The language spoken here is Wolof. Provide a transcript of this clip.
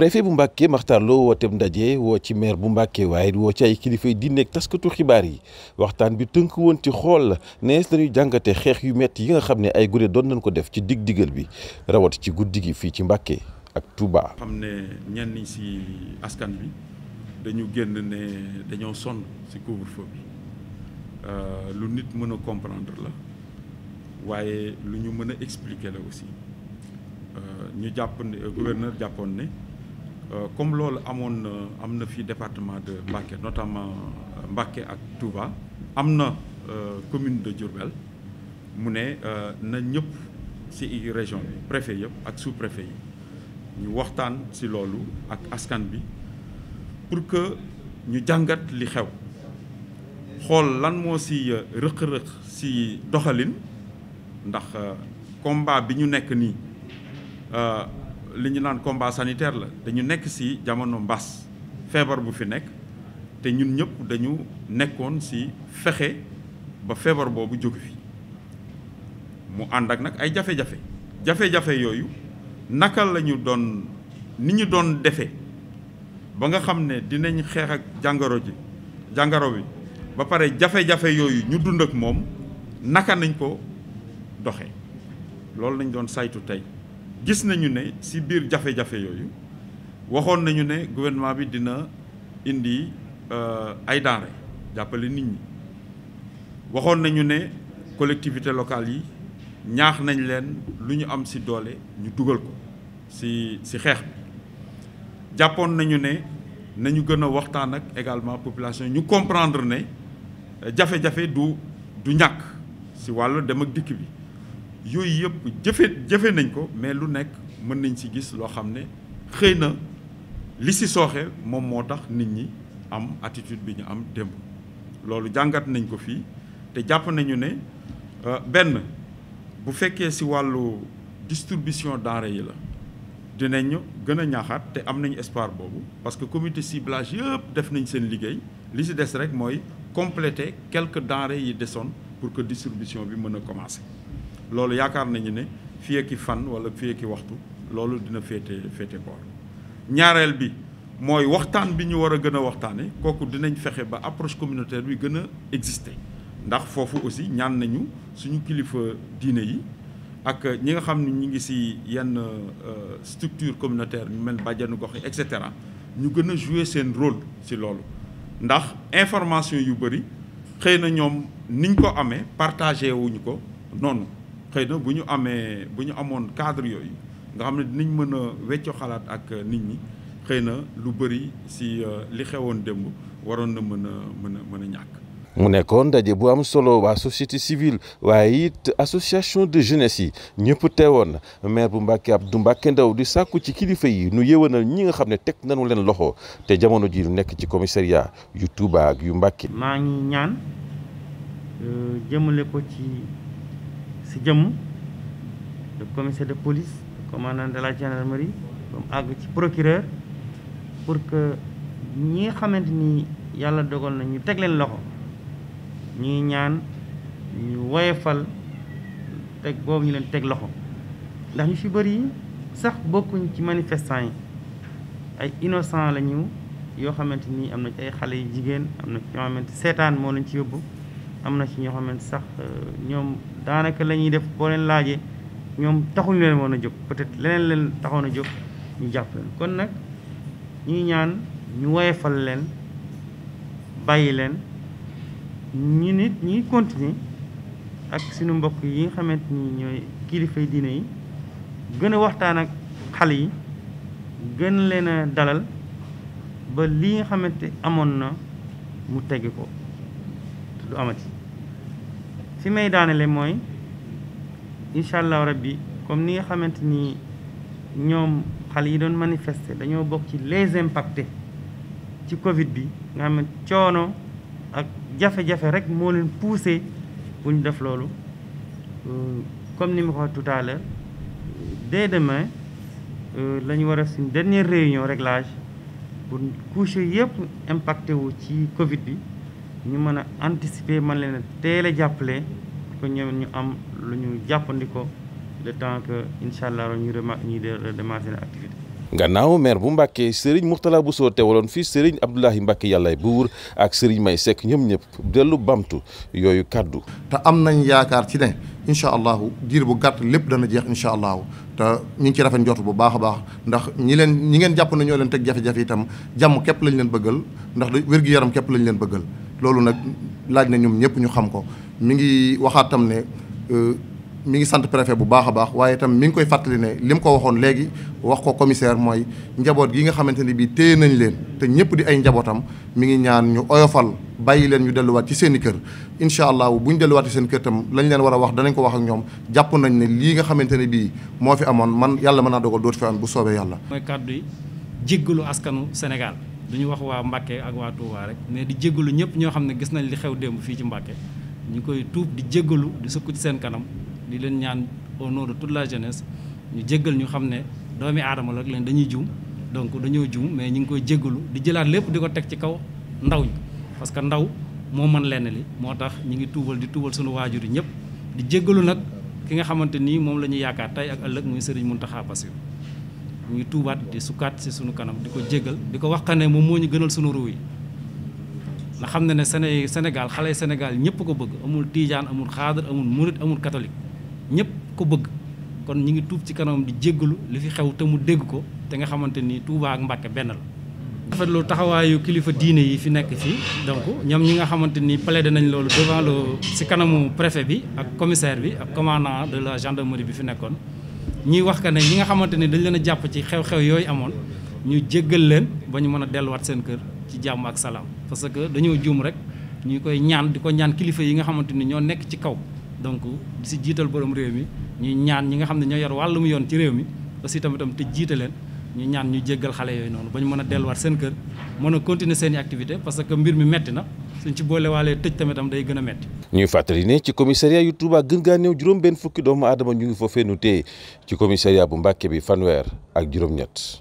préfet bu Mbàkke Makhtar Lo wooteeb ndaje woo ci maire bu Mbàkke waaye woo ci ay kilifa yi di nekk taskatu xibaar yi waxtaan bi tënk woon ci xool nees dañuy jàngate xeex yu metti yi nga xam ne ay gune doon nañ ko def ci dig bi rawat ci guddi gi fii ci Mbàkke ak Touba. xam ne ñenn si askan bi dañu génn ne dañoo sonn si couvre euh, nit mën a comprendre lu ñu mën a expliquer la aussi euh, ñu jàpp euh, jàppoon ne. Euh, comme loolu amone amna fi département de Mbacké notamment euh, Mbacké ak Touba amna euh, commune de Djourbel, mu na ñëpp ci région bi préfet yëpp ak sous-préfet yi ñu waxtaan ci loolu ak askan bi pour que ñu jangat li xew xol lan mo ci rëq-rëq ci doxalin ndax combat bi ñu nekk euh li ñu naan combat sanitaire la dañu nekk ci jamono mbas feebar bu fi nekk te ñun ñëpp dañu nekkoon ci fexe ba feebar boobu jóge fi mu ànd ak nag ay jafe-jafe jafe yooyu naka lañu doon ni ñu doon defee ba nga xam ne dinañ xeex ak jàngoro ji jàngaro bi ba pare jafe-jafe yooyu ñu dund ak moom naka nañ ko doxe loolu lañ doon saytu tey gis nañu ne si biir jafe-jafe yooyu waxoon nañu ne gouvernement bi dina indi euh, ay denrées jàppale nit ñi waxoon nañu ne collectivité locale yi ñaax nañ leen lu ñu am si doole ñu dugal ko si si xeex bi jàppoon nañu ne nañu gën a waxtaan ak également population ñu comprendre ne jafe-jafe du du ñàkk si wàllu dem ak dikk bi yooyu yëpp jëfe jëfe nañ ko mais lu nekk mën nañ ci gis loo xam ne xëy na li ci sooxe moom moo tax nit ñi am attitude bi ñu am démb loolu jàngat nañ ko fii te jàpp nañu ne euh, benn bu fekkee ci wàllu distribution denrées yi la dinañu gën a ñaaxaat te am nañ espoir boobu parce que comité ciblage yëpp def nañ seen liggéey li ci des rek mooy compléter quelques denrées yi desoon pour que distribution bi mën a commencer lolu ce nañu ne ak fan wala la ak waxtu lolu dina fété fété bor c'est bi moy waxtaan bi ñu wara a waxtane koku dinañ ba approche communautaire bi gëna exister ndax fofu aussi ñaan nañu suñu kilifa diiné yi ak ñi nga xamni ñi ngi yenn euh, structure communautaire ñu mel ñu jouer un rôle sur lolu ndax information yu bari nous na niñ xëy na bu ñu amee bu ñu amoon cadre yooyu nga xam ne dinañ mën a weccoo xalaat ak nit ñi xëy na lu bëri si euh, li xewoon démb waroon na mën a mën a mën a ñàkk. mu nekkoon ndaje bu am solo waa société civile waaye it association de jeunesse yi ñëpp teewoon maire bu Mbacke du Mbacke Ndaw di sàkku ci kilifa yi nu yéwénal ñi nga xam ne teg nanu leen loxo te jamono ji lu nekk ci commissariat yu Touba ak yu Mbacke. maa ngi ñaan euh, jëmale ko ci. si jëmm le commissaire de police le commandant de la gendarmerie ba mu àgg ci procureur pour que ñi nga xamante ni yàlla dogal na ñu teg leen loxo ñuy ñaan ñu woyefal teg boobu ñu leen teg loxo ndax ñu fi bëri sax bokkuñ ci manifestant yi ay innocent la ñu yoo xamante ni am na ay xale yu jigéen am na ci ñoo xamante seetaan moo lañu ci yóbbu am na ci ñoo xamante sax euh, ñoom daanaka lañuy def boo leen laajee ñoom taxuñu leen woon a jóg peut-être leneen leen taxoon a jóg ñu jàpp leen kon nag ñuy ñaan ñu woyefal leen bàyyi leen ñu nit ñuy continuer ak suñu mbokk yi nga xamante ñooy kilifay diine yi gën a waxtaan ak xale yi gën leen a dalal ba li nga xamante amoon na mu tege ko du amati fi may daanale mooy inshallah allahu rabbi comme ni nga xamante ni ñoom xale yi doon manifester dañoo bokk ci les impactés ci Covid bi nga xam ne coono ak jafe-jafe rek moo leen poussé bu ñu def loolu euh, comme ni ma ko tout à l'heure dès demain euh, la ñu war a dernière réunion réglage pour couche yépp impacté wu ci Covid bi. ñu mën a anticiper man leen a teel a jàppale ko ñu am lu ñu jàppandikoo le temps que incha allah ñu rema ñu démarrer activité. gannaaw meer bu Mbàkke Serigne Mourtala Bousso teewaloon fii Serigne Abdoulahi Mbàkke yàllaay wur ak Serigne May sekk ñoom ñëpp dellu bamtu yooyu kàddu te am nañ yaakaar ci ne incha allahu jiir bu gàtt lépp dana jeex incha allahu te ñu ngi ci rafet njort bu baax a baax ndax ñi leen ñi ngeen jàpp nañoo ñoo leen teg jafe-jafe itam jàmm képp lañ leen bëggal ndax wér-gu-yaram képp lañ leen bëggal loolu nag laaj na ñoom ñëpp ñu xam ko mi ngi waxaat tam ne euh, mi ngi sant préfet bu baax a baax waaye itam mi ngi koy fàttali ne li mu ko waxoon léegi wax ko commissaire mooy njaboot gi nga xamante ne bii téye nañ leen te ñëpp di ay njabootam mi ngi ñaan ñu oyofal bàyyi leen ñu delluwaat ci seen i kër incha allah bu ñu delluwaat ci seen kër tam lañ leen war a wax danañ ko wax ak ñoom jàpp nañ ne lii nga xamante ne bii moo fi amoon man yàlla mën naa dogal dootu fi am bu soobee yàlla. mooy kàddu yi jéggalu askanu Sénégal. du ñu wax waa Mbacke ak waa Touba rek mais di jéggalu ñëpp ñoo xam ne gis nañ li xew démb fii ci Mbacke ñu koy tuub di jéggalu di sëkku ci seen kanam di leen ñaan au nom de toute la jeunesse ñu jéggal ñu xam ne doomi aadama la rek leen dañuy juum donc dañoo juum mais ñu ngi koy jéggalu di jëlaat lépp di ko teg ci kaw ndaw ñi parce que ndaw moo mën lenn li moo tax ñu ngi tuubal di tuubal suñu waajur yi ñëpp di jéggalu nag ki nga xamante nii moom la ñuy yaakaar tey ak ëllëg muy Serigne Mountakha Bassirou mu ngi tuubaat di sukkaat si sunu kanam di ko jéggal di ko wax ne moom moo ñu gënal sunu ruu yi nga xam ne ne Séné Sénégal xale Sénégal ñëpp ko bëgg amul tiijaan amul xaadar amul murit amul katolik ñëpp ko bëgg kon ñu ngi tuub ci kanam di jéggalu li fi xew te mu dégg ko te nga xamante ni Touba ak Mbàkke benn la. rafet lu taxawaayu kilifa diine yi fi nekk fii donc ñoom ñi nga xamante ni plaidé nañ loolu devant le si kanamu préfet bi ak commissaire bi ak commandant de la gendarmerie bi fi nekkoon. ñuy wax que ne ñi nga xamante ne dañ leen a jàpp ci xew-xew yooyu amoon ñu jéggal leen ba ñu mën a delluwaat seen kër ci jàmm ak salaam parce que dañoo juum rek ñu koy ñaan di ko ñaan kilifa yi nga xamante ne ñoo nekk ci kaw donc di si jiital borom réew mi ñuy ñaan ñi nga xam ne ñoo yor wàllum yoon ci réew mi aussi tam itam te jiitaleen ñu ñaan ñu jéggal xale yooyu noonu ba ñu mën a seen kër mën continuer seen activité parce que mbir mi metti na suñ ci boolewaalee tëj am day gën metti ñuy fàttali ne ci commissariat yu Touba gën gaa néew juróom benn fukki doomu aadama ñu ngi foofee nu téye ci commissariat bu Mbàkke bi fanweer ak juróom-ñett